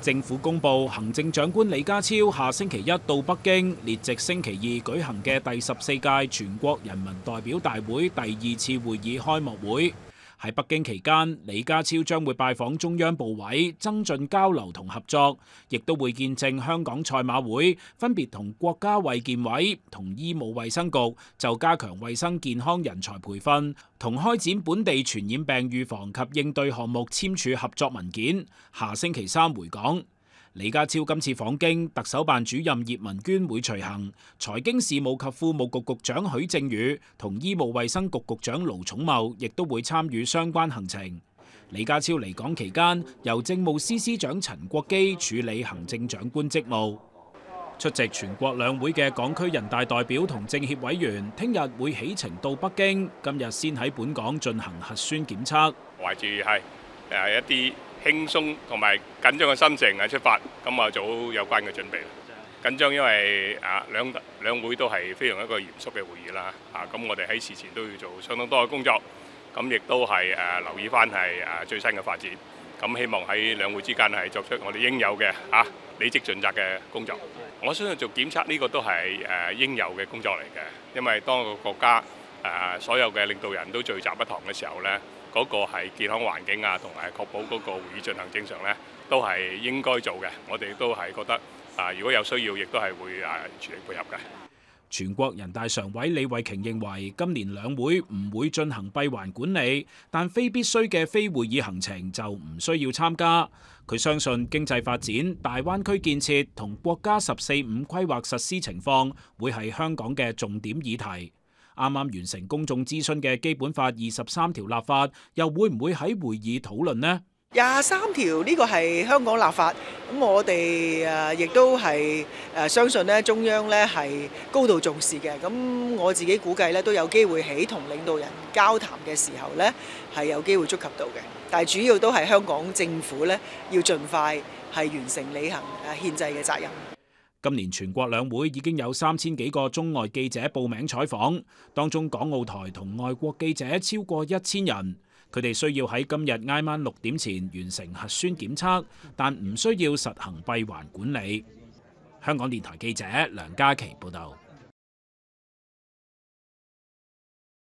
政府公布，行政長官李家超下星期一到北京，列席星期二舉行嘅第十四屆全國人民代表大會第二次會議開幕會。喺北京期間，李家超將會拜訪中央部委，增進交流同合作，亦都會見證香港賽馬會分別同國家衛健委同醫務衛生局就加強衛生健康人才培訓同開展本地傳染病預防及應對項目簽署合作文件。下星期三回港。李家超今次訪京，特首辦主任葉文娟會隨行，財經事務及庫務局局長許正宇同醫務衛生局局長盧寵茂亦都會參與相關行程。李家超離港期間，由政務司司長陳國基處理行政長官職務。出席全國兩會嘅港區人大代表同政協委員聽日會起程到北京，今日先喺本港進行核酸檢測。懷住係誒一啲，輕鬆同埋緊張嘅心情啊，出發，咁啊做好有關嘅準備。緊張因為啊兩兩會都係非常一個嚴肅嘅會議啦，啊咁我哋喺事前都要做相當多嘅工作，咁、啊、亦都係誒、啊、留意返係誒最新嘅發展，咁、啊、希望喺兩會之間係作出我哋應有嘅啊履職盡責嘅工作。我相信做檢測呢個都係誒、啊、應有嘅工作嚟嘅，因為當個國家。誒所有嘅領導人都聚集一堂嘅時候咧，嗰個係健康環境啊，同埋確保嗰個會議進行正常咧，都係應該做嘅。我哋都係覺得啊，如果有需要，亦都係會誒全力配合嘅。全國人大常委李慧瓊認為，今年兩會唔會進行閉環管理，但非必須嘅非會議行程就唔需要參加。佢相信經濟發展、大灣區建設同國家十四五規劃實施情況會係香港嘅重點議題。啱啱完成公眾諮詢嘅基本法二十三條立法，又會唔會喺會議討論呢？廿三條呢個係香港立法，咁我哋誒亦都係誒相信咧中央咧係高度重視嘅，咁我自己估計咧都有機會喺同領導人交談嘅時候咧係有機會觸及到嘅，但係主要都係香港政府咧要盡快係完成履行誒憲制嘅責任。今年全國兩會已經有三千幾個中外記者報名採訪，當中港澳台同外國記者超過一千人。佢哋需要喺今日挨晚六點前完成核酸檢測，但唔需要實行閉環管理。香港電台記者梁嘉琪報導。